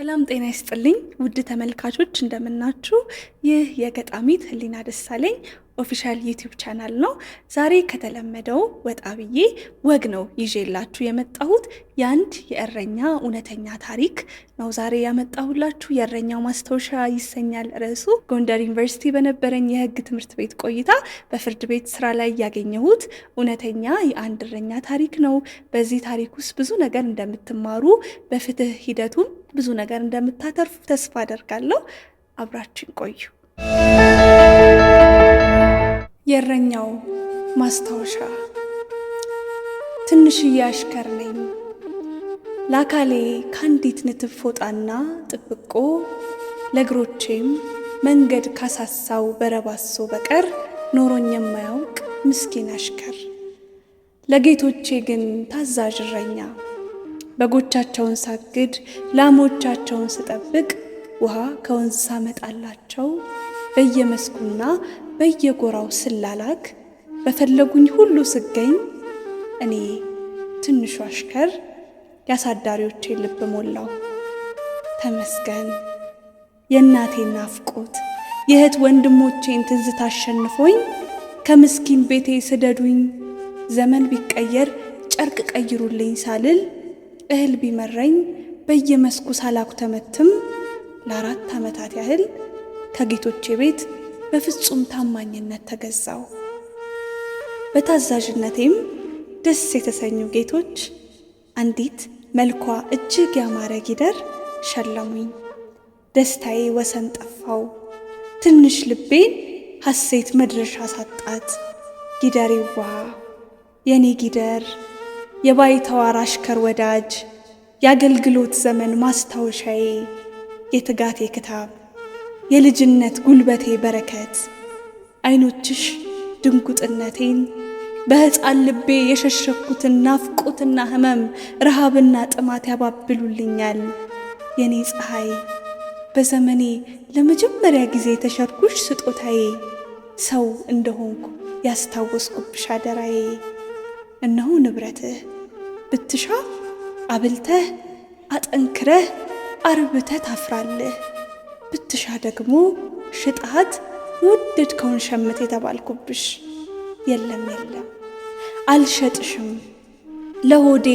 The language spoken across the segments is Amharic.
ሰላም ጤና ይስጥልኝ ውድ ተመልካቾች እንደምናችሁ። ይህ የገጣሚት ህሊና ደሳለኝ ኦፊሻል ዩቲዩብ ቻናል ነው። ዛሬ ከተለመደው ወጣ ብዬ ወግ ነው ይዤላችሁ የመጣሁት የአንድ የእረኛ እውነተኛ ታሪክ ነው ዛሬ ያመጣሁላችሁ። የእረኛው ማስታወሻ ይሰኛል ርዕሱ። ጎንደር ዩኒቨርሲቲ በነበረኝ የህግ ትምህርት ቤት ቆይታ በፍርድ ቤት ስራ ላይ ያገኘሁት እውነተኛ የአንድ እረኛ ታሪክ ነው። በዚህ ታሪክ ውስጥ ብዙ ነገር እንደምትማሩ በፍትህ ሂደቱም ብዙ ነገር እንደምታተርፉ ተስፋ አደርጋለሁ። አብራችን ቆዩ። የእረኛው ማስታወሻ ትንሽዬ አሽከር ነኝ ለአካሌ ከአንዲት ንትፍ ፎጣና ጥብቆ ለእግሮቼም መንገድ ካሳሳው በረባሶ በቀር ኖሮኝ የማያውቅ ምስኪን አሽከር ለጌቶቼ ግን ታዛዥ እረኛ በጎቻቸውን ሳግድ ላሞቻቸውን ስጠብቅ ውሃ ከወንዝ ሳመጣላቸው በየመስኩና በየጎራው ስላላክ በፈለጉኝ ሁሉ ስገኝ እኔ ትንሹ አሽከር ያሳዳሪዎቼ ልብ ሞላው። ተመስገን የእናቴን ናፍቆት የእህት ወንድሞቼን ትዝታ አሸንፎኝ ከምስኪን ቤቴ ስደዱኝ ዘመን ቢቀየር ጨርቅ ቀይሩልኝ ሳልል እህል ቢመረኝ በየመስኩ ሳላኩ ተመትም ለአራት ዓመታት ያህል ከጌቶቼ ቤት በፍጹም ታማኝነት ተገዛው። በታዛዥነቴም ደስ የተሰኙ ጌቶች አንዲት መልኳ እጅግ ያማረ ጊደር ሸለሙኝ። ደስታዬ ወሰን ጠፋው። ትንሽ ልቤን ሐሴት መድረሻ ሳጣት። ጊደር ይዋ የኔ ጊደር የባይተዋር አሽከር ወዳጅ የአገልግሎት ዘመን ማስታወሻዬ የትጋቴ ክታብ የልጅነት ጉልበቴ በረከት አይኖችሽ ድንጉጥነቴን በሕፃን ልቤ የሸሸኩትን ናፍቆትና ሕመም ረሃብና ጥማት ያባብሉልኛል። የኔ ፀሐይ በዘመኔ ለመጀመሪያ ጊዜ የተሸርኩሽ ስጦታዬ ሰው እንደሆንኩ ያስታወስኩብሽ አደራዬ። እነሆ ንብረትህ ብትሻ አብልተህ አጠንክረህ አርብተህ ታፍራለህ። ብትሻ ደግሞ ሽጣት የወደድከውን ሸምት የተባልኩብሽ። የለም የለም አልሸጥሽም፣ ለሆዴ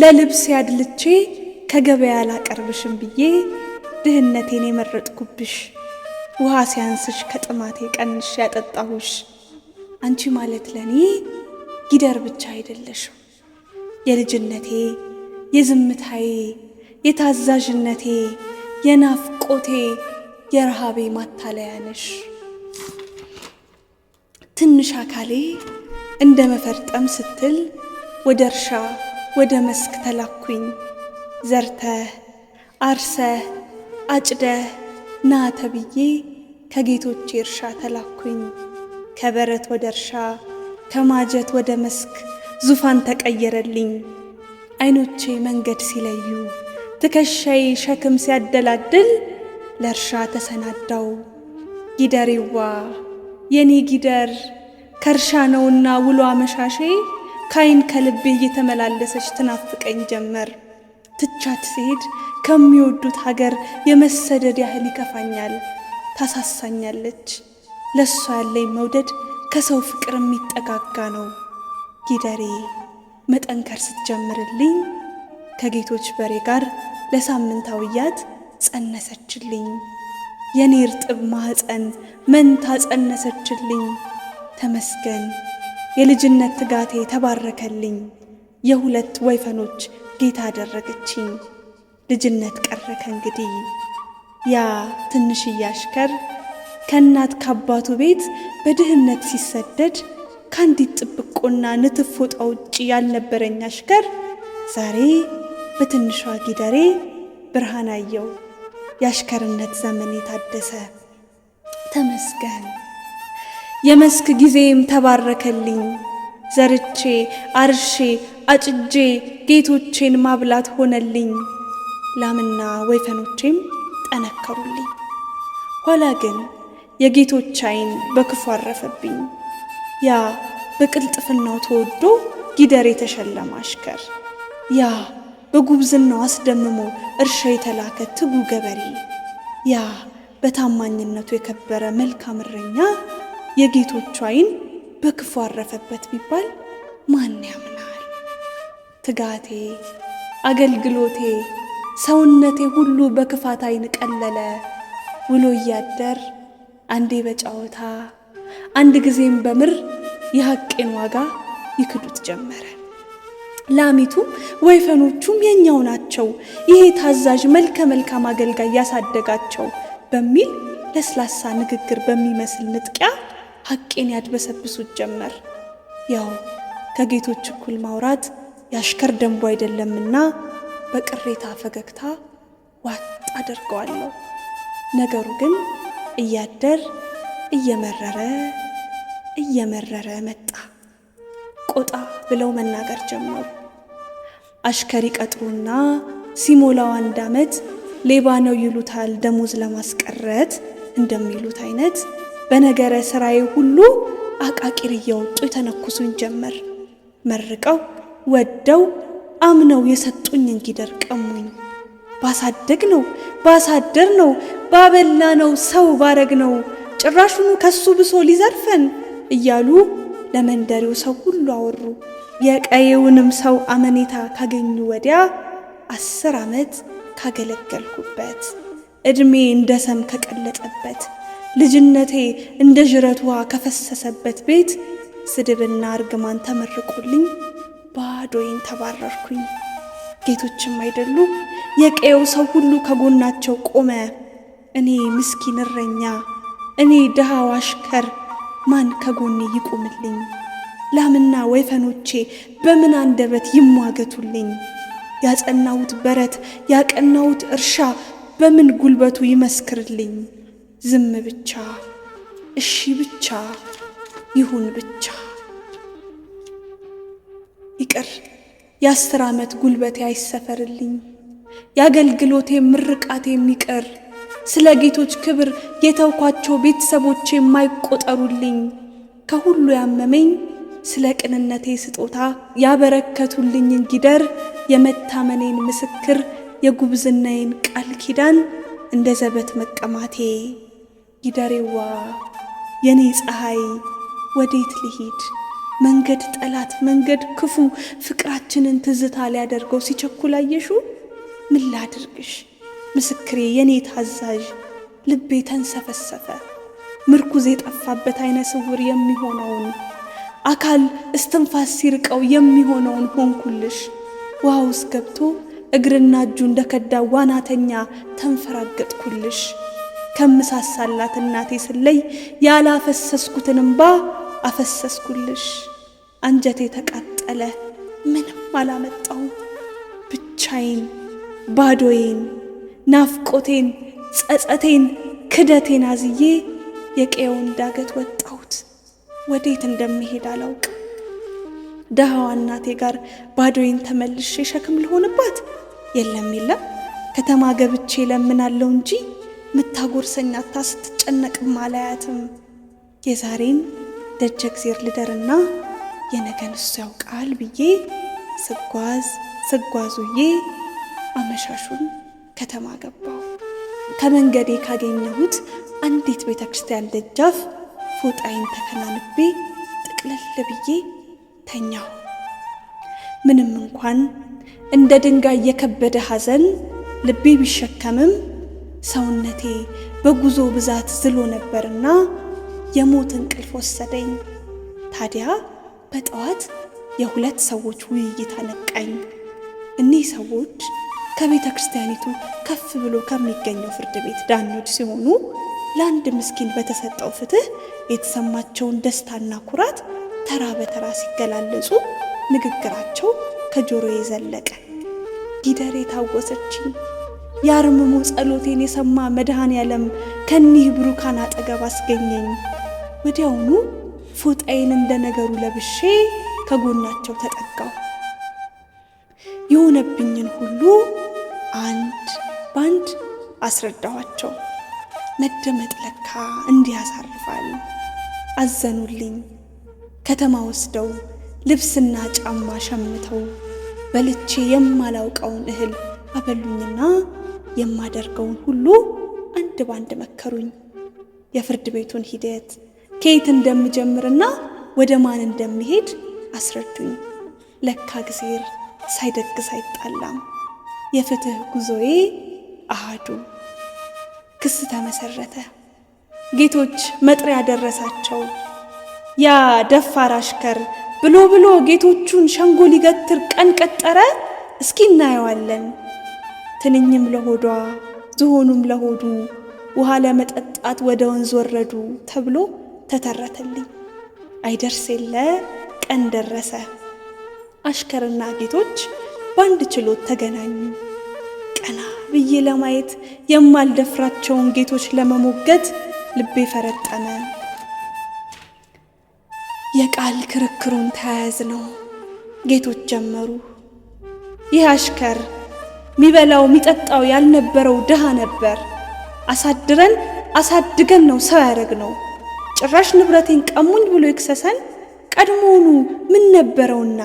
ለልብስ ያድልቼ ከገበያ አላቀርብሽም ብዬ ድህነቴን የመረጥኩብሽ። ውሃ ሲያንስሽ ከጥማቴ ቀንሽ ያጠጣሁሽ። አንቺ ማለት ለእኔ ጊደር ብቻ አይደለሽም፣ የልጅነቴ፣ የዝምታዬ፣ የታዛዥነቴ የናፍቆቴ የረሃቤ ማታለያ ነሽ። ትንሽ አካሌ እንደ መፈርጠም ስትል ወደ እርሻ ወደ መስክ ተላኩኝ። ዘርተ፣ አርሰ አጭደ ና ተብዬ ከጌቶች እርሻ ተላኩኝ። ከበረት ወደ እርሻ ከማጀት ወደ መስክ ዙፋን ተቀየረልኝ፣ አይኖቼ መንገድ ሲለዩ ትከሻይ ሸክም ሲያደላድል ለእርሻ ተሰናዳው ጊደሬዋ የኔ ጊደር ከእርሻ ነውና ውሎ አመሻሼ ካይን ከልቤ እየተመላለሰች ትናፍቀኝ ጀመር። ትቻት ስሄድ ከሚወዱት ሀገር የመሰደድ ያህል ይከፋኛል። ታሳሳኛለች። ለእሷ ያለኝ መውደድ ከሰው ፍቅር የሚጠጋጋ ነው። ጊደሬ መጠንከር ስትጀምርልኝ ከጌቶች በሬ ጋር ለሳምንታውያት ጸነሰችልኝ። የኔ እርጥብ ማኅፀን መንታ ጸነሰችልኝ። ተመስገን የልጅነት ትጋቴ ተባረከልኝ። የሁለት ወይፈኖች ጌታ አደረገችኝ። ልጅነት ቀረ ከእንግዲህ ያ ትንሽዬ አሽከር ከእናት ከአባቱ ቤት በድህነት ሲሰደድ ከአንዲት ጥብቆና ንትፎጣ ውጭ ያልነበረኝ አሽከር ዛሬ በትንሿ ጊደሬ ብርሃን አየው የአሽከርነት ዘመን የታደሰ ተመስገን የመስክ ጊዜም ተባረከልኝ ዘርቼ አርሼ አጭጄ ጌቶቼን ማብላት ሆነልኝ ላምና ወይፈኖቼም ጠነከሩልኝ ኋላ ግን የጌቶች አይን በክፉ አረፈብኝ ያ በቅልጥፍናው ተወዶ ጊደር የተሸለመ አሽከር ያ በጉብዝናው አስደምሞ እርሻ የተላከ ትጉ ገበሬ ያ በታማኝነቱ የከበረ መልካም እረኛ የጌቶቹ አይን በክፉ አረፈበት ቢባል ማን ያምናል? ትጋቴ፣ አገልግሎቴ፣ ሰውነቴ ሁሉ በክፋት አይን ቀለለ። ውሎ እያደር አንዴ በጨዋታ አንድ ጊዜም በምር የሐቄን ዋጋ ይክዱት ጀመረ። ላሚቱም ወይፈኖቹም የኛው ናቸው፣ ይሄ ታዛዥ መልከ መልካም አገልጋይ ያሳደጋቸው በሚል ለስላሳ ንግግር በሚመስል ንጥቂያ ሐቄን ያድበሰብሱት ጀመር። ያው ከጌቶች እኩል ማውራት የአሽከር ደንቡ አይደለምና በቅሬታ ፈገግታ ዋጥ አደርገዋለሁ። ነገሩ ግን እያደር እየመረረ እየመረረ መጣ። ቆጣ ብለው መናገር ጀመሩ። አሽከሪ ቀጥሮና ሲሞላው አንድ ዓመት ሌባ ነው ይሉታል ደሞዝ ለማስቀረት እንደሚሉት አይነት በነገረ ስራዬ ሁሉ አቃቂር እያወጡ የተነኩሱኝ ጀመር። መርቀው ወደው አምነው የሰጡኝ እንጊደር ቀሙኝ። ባሳደግ ነው ባሳደር ነው ባበላ ነው ሰው ባረግ ነው ጭራሹኑ ከሱ ብሶ ሊዘርፈን እያሉ ለመንደሪው ሰው ሁሉ አወሩ። የቀየውንም ሰው አመኔታ ካገኙ ወዲያ አስር ዓመት ካገለገልኩበት ዕድሜ እንደ ሰም ከቀለጠበት ልጅነቴ እንደ ዥረት ውሃ ከፈሰሰበት ቤት ስድብና እርግማን ተመርቆልኝ ባዶይን ተባረርኩኝ። ጌቶችም አይደሉ የቀየው ሰው ሁሉ ከጎናቸው ቆመ። እኔ ምስኪን እረኛ፣ እኔ ድሃው አሽከር ማን ከጎኔ ይቁምልኝ? ላምና ወይፈኖቼ በምን አንደበት ይሟገቱልኝ? ያጸናሁት በረት ያቀናሁት እርሻ በምን ጉልበቱ ይመስክርልኝ? ዝም ብቻ እሺ ብቻ ይሁን ብቻ ይቅር የአስር ዓመት ጉልበቴ አይሰፈርልኝ፣ የአገልግሎቴ ምርቃቴ የሚቀር ስለ ጌቶች ክብር የተውኳቸው ቤተሰቦቼ የማይቆጠሩልኝ ከሁሉ ያመመኝ ስለ ቅንነቴ ስጦታ ያበረከቱልኝን ጊደር የመታመኔን ምስክር የጉብዝናዬን ቃል ኪዳን እንደ ዘበት መቀማቴ ጊደሬዋ የኔ ፀሐይ ወዴት ልሂድ? መንገድ ጠላት መንገድ ክፉ ፍቅራችንን ትዝታ ሊያደርገው ሲቸኩል አየሹ። ምን ላድርግሽ ምስክሬ የኔ ታዛዥ ልቤ ተንሰፈሰፈ ምርኩዝ የጠፋበት አይነ ስውር የሚሆነውን አካል እስትንፋስ ሲርቀው የሚሆነውን ሆንኩልሽ። ውሃ ውስጥ ገብቶ እግርና እጁ እንደከዳ ዋናተኛ ተንፈራገጥኩልሽ። ከምሳሳላት እናቴ ስለይ ያላፈሰስኩትን እምባ አፈሰስኩልሽ። አንጀቴ ተቃጠለ፣ ምንም አላመጣው ብቻዬን ባዶዬን ናፍቆቴን ጸጸቴን ክደቴን አዝዬ የቀየውን ዳገት ወጣሁት። ወዴት እንደምሄድ አላውቅም። ደሃዋ እናቴ ጋር ባዶዬን ተመልሼ ሸክም ልሆንባት? የለም የለም፣ ከተማ ገብቼ ለምናለው እንጂ ምታጎርሰኛታ ስትጨነቅም አላያትም። የዛሬን ደጀ እግዜር ልደርና የነገን እሱ ያውቃል ብዬ ስጓዝ ስጓዙዬ አመሻሹን ከተማ ገባው ከመንገዴ ካገኘሁት አንዲት ቤተ ክርስቲያን ደጃፍ ፎጣይን ተከናንቤ ጥቅልል ብዬ ተኛሁ። ምንም እንኳን እንደ ድንጋይ የከበደ ሐዘን ልቤ ቢሸከምም ሰውነቴ በጉዞ ብዛት ዝሎ ነበርና የሞት እንቅልፍ ወሰደኝ። ታዲያ በጠዋት የሁለት ሰዎች ውይይት አነቃኝ። እኒህ ሰዎች ከቤተ ክርስቲያኒቱ ከፍ ብሎ ከሚገኘው ፍርድ ቤት ዳኞች ሲሆኑ ለአንድ ምስኪን በተሰጠው ፍትህ የተሰማቸውን ደስታና ኩራት ተራ በተራ ሲገላለጹ ንግግራቸው ከጆሮ የዘለቀ ጊደር የታወሰችኝ የአርምሞ ጸሎቴን የሰማ መድሃን ያለም ከኒህ ብሩካን አጠገብ አስገኘኝ። ወዲያውኑ ፎጣዬን እንደ ነገሩ ለብሼ ከጎናቸው ተጠጋው። የሆነብኝን ሁሉ አንድ በአንድ አስረዳኋቸው። መደመጥ ለካ እንዲህ ያሳርፋል። አዘኑልኝ ከተማ ወስደው ልብስና ጫማ ሸምተው በልቼ የማላውቀውን እህል አበሉኝና የማደርገውን ሁሉ አንድ ባንድ መከሩኝ። የፍርድ ቤቱን ሂደት ከየት እንደምጀምርና ወደ ማን እንደሚሄድ አስረዱኝ። ለካ እግዜር ሳይደግስ አይጣላም። የፍትህ ጉዞዬ አህዱ! ክስ ተመሰረተ። ጌቶች መጥሪያ ደረሳቸው። ያ ደፋር አሽከር ብሎ ብሎ ጌቶቹን ሸንጎ ሊገትር ቀን ቀጠረ። እስኪ እናየዋለን። ትንኝም ለሆዷ ዝሆኑም ለሆዱ ውሃ ለመጠጣት ወደ ወንዝ ወረዱ ተብሎ ተተረተልኝ። አይደርስ የለ ቀን ደረሰ። አሽከርና ጌቶች በአንድ ችሎት ተገናኙ። ብዬ ለማየት የማልደፍራቸውን ጌቶች ለመሞገት ልቤ ፈረጠመ። የቃል ክርክሩን ተያያዝ ነው ጌቶች ጀመሩ። ይህ አሽከር ሚበላው ሚጠጣው ያልነበረው ድሃ ነበር። አሳድረን አሳድገን ነው ሰው ያደረግ ነው። ጭራሽ ንብረቴን ቀሙኝ ብሎ ይክሰሰን። ቀድሞውኑ ምን ነበረውና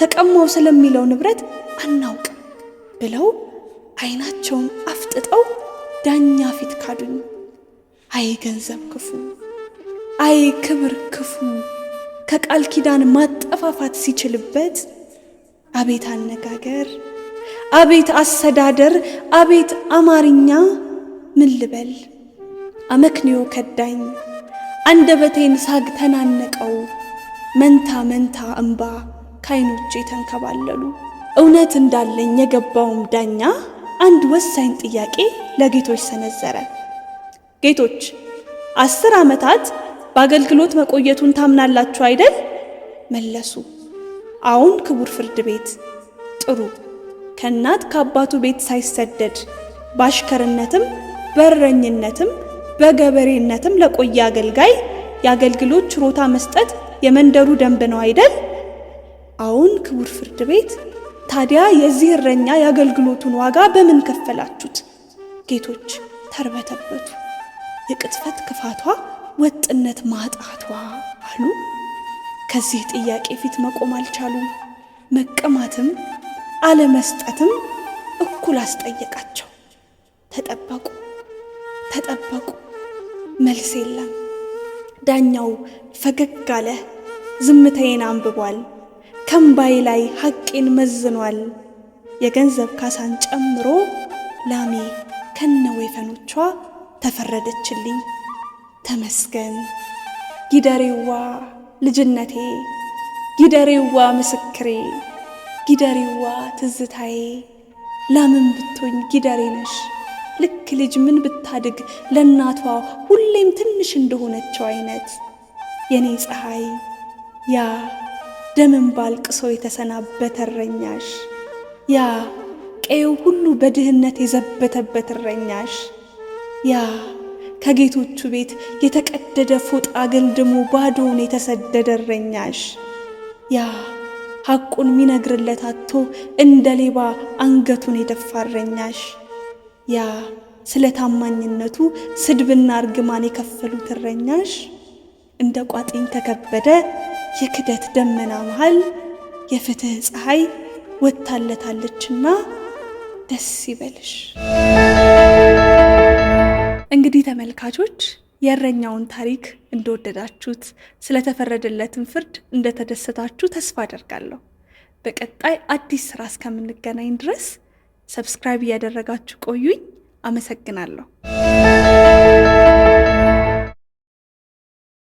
ተቀማው ስለሚለው ንብረት አናውቅም ብለው አይናቸውን አፍጥጠው ዳኛ ፊት ካዱኝ። አይ ገንዘብ ክፉ፣ አይ ክብር ክፉ፣ ከቃል ኪዳን ማጠፋፋት ሲችልበት፣ አቤት አነጋገር፣ አቤት አስተዳደር፣ አቤት አማርኛ ምን ልበል አመክንዮ ከዳኝ። አንደበቴን ሳግ ተናነቀው መንታ መንታ እምባ ከዓይኖቼ ተንከባለሉ። እውነት እንዳለኝ የገባውም ዳኛ አንድ ወሳኝ ጥያቄ ለጌቶች ሰነዘረ። ጌቶች አስር ዓመታት በአገልግሎት መቆየቱን ታምናላችሁ አይደል? መለሱ። አሁን ክቡር ፍርድ ቤት። ጥሩ። ከእናት ከአባቱ ቤት ሳይሰደድ በአሽከርነትም በረኝነትም በገበሬነትም ለቆየ አገልጋይ የአገልግሎት ችሮታ መስጠት የመንደሩ ደንብ ነው አይደል? አሁን ክቡር ፍርድ ቤት ታዲያ የዚህ እረኛ የአገልግሎቱን ዋጋ በምን ከፈላችሁት? ጌቶች ተርበተበቱ። የቅጥፈት ክፋቷ ወጥነት ማጣቷ አሉ። ከዚህ ጥያቄ ፊት መቆም አልቻሉም። መቀማትም አለመስጠትም እኩል አስጠየቃቸው። ተጠበቁ ተጠበቁ፣ መልስ የለም። ዳኛው ፈገግ አለ። ዝምታዬን አንብቧል ከምባይ ላይ ሐቄን መዝኗል የገንዘብ ካሳን ጨምሮ ላሜ ከነ ወይፈኖቿ ተፈረደችልኝ። ተመስገን ጊደሬዋ ልጅነቴ፣ ጊደሬዋ ምስክሬ፣ ጊደሬዋ ትዝታዬ፣ ላምን ብትሆኝ ጊደሬ ነሽ። ልክ ልጅ ምን ብታድግ ለእናቷ ሁሌም ትንሽ እንደሆነችው አይነት የኔ ፀሐይ ያ ደምን ባልቅሶ የተሰናበተ እረኛሽ ያ ቀዬው ሁሉ በድህነት የዘበተበት እረኛሽ ያ ከጌቶቹ ቤት የተቀደደ ፎጣ አገልድሞ ባዶውን የተሰደደ እረኛሽ ያ ሐቁን ሚነግርለት አቶ እንደ ሌባ አንገቱን የደፋ እረኛሽ ያ ስለ ታማኝነቱ ስድብና እርግማን የከፈሉት እረኛሽ እንደ ቋጥኝ ተከበደ የክደት ደመና መሃል የፍትህ ፀሐይ ወጥታለታለችና ደስ ይበልሽ። እንግዲህ ተመልካቾች የእረኛውን ታሪክ እንደወደዳችሁት፣ ስለተፈረደለትን ፍርድ እንደተደሰታችሁ ተስፋ አደርጋለሁ። በቀጣይ አዲስ ስራ እስከምንገናኝ ድረስ ሰብስክራይብ እያደረጋችሁ ቆዩኝ። አመሰግናለሁ።